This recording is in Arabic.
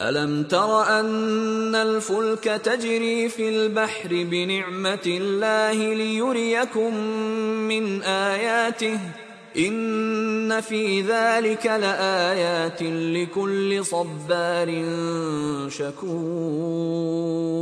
ألم تر أن الفلك تجري في البحر بنعمة الله ليريكم من آياته إن في ذلك لآيات لكل صبار شكور